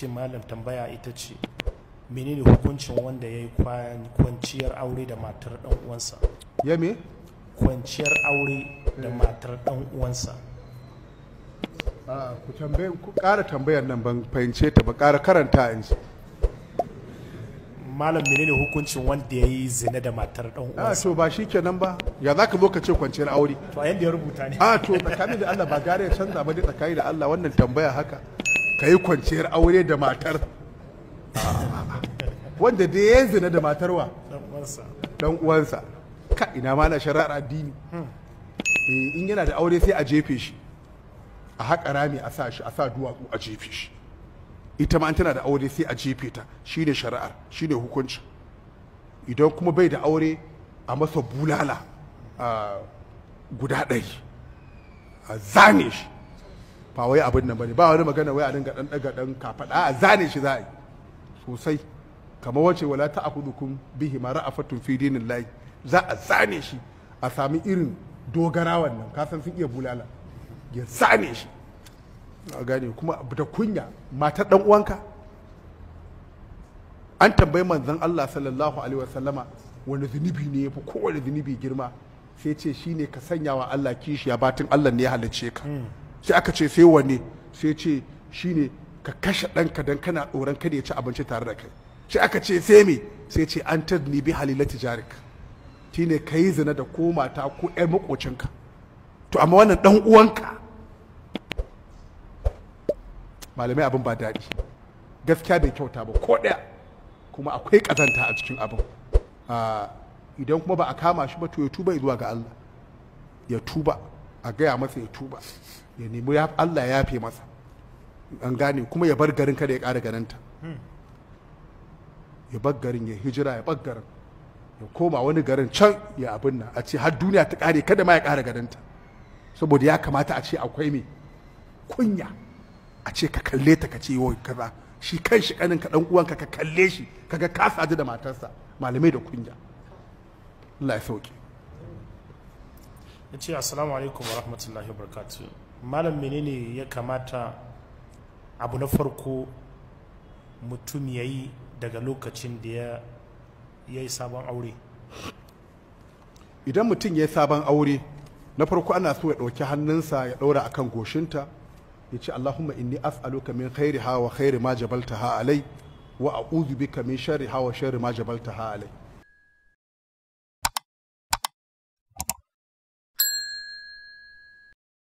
ce malam tambaya ita ce menene hukuncin wanda ya yi kwanciyar aure da matar dan uwansa ya me kwanciyar aure da eh. matar dan uwansa ku tambaye ku ƙara tambayar nan ban fahimce ta ba ƙara karanta in ji malam menene hukuncin wanda ya yi zina da matar dan uwansa to ba shi kenan ba ya za ka zo ka ce kwanciyar aure to a yanda ya rubuta ne a to tsakanin da Allah ba gare ya canza ba dai tsakani da Allah wannan tambaya haka ka yi kwanciyar aure da matar wanda da ya zina da matarwa dan uwansa ka ina ma na addini eh, in yana da aure sai a jefe shi a haƙa rami a sa shi a sa duwatsu a jefe shi ita ma tana da aure sai a jefe ta shine shari'ar shine hukunci idan kuma bai da aure a masa bulala ah, guda ɗari a zane shi ba wai abin nan bane ba wani magana wai a dinga dan daga dan kafada a zane shi zai yi sosai kamar wace wala ta'khudhukum bihi ma ra'afatun fi dinillahi za a zane shi a sami irin dogara wannan kasan sun iya bulala ya zane shi a gane kuma da kunya matar dan uwanka an tambayi manzon Allah sallallahu alaihi wasallama wani zunubi ne yafi kowane zunubi girma sai ce shine ka sanya wa Allah kishiya batun Allah ne ya halicce ka hmm. sai aka ce sai wanne sai ce shine ka kashe ɗanka don kana tsoron kada ya ci abinci tare da kai sai aka ce sai me sai ce an tadni bi tijarik. jarik ne ka yi zina da ko mata ko ƴar makocinka to amma wannan ɗan uwanka malamai abin ba daɗi gaskiya bai kyauta ba ko ɗaya kuma akwai ƙazanta a cikin abin ah, idan kuma ba a kama shi ba to ya tuba zuwa ga Allah ya tuba a gaya masa ya tuba ya nemi Allah ya yafe masa an gane kuma ya bar garin kada ya ƙara gananta ya bar garin ya hijira ya bar garin ya koma wani garin can ya abin nan a ce har duniya ta kare kada ma ya ƙara gananta saboda ya kamata a ce akwai me kunya a ce ka kalle ta ka ce yi kaza shi kan shi kanin ka dan uwanka ka kalle shi kaga ka sadu da matarsa malamai da kunya Allah ya ya ce assalamu alaikum wa rahmatullahi wa malam menene ya kamata abu na farko mutum ya yi daga lokacin da ya yi sabon aure idan mutum ya yi sabon aure na farko ana so ya ɗauki hannunsa ya ɗaura akan goshinta ya ce allahumma inni as'aluka min khairi hawa khairi ma jabalta ha alai wa a'udhu bika min sharri hawa sharri ma jabalta ha alai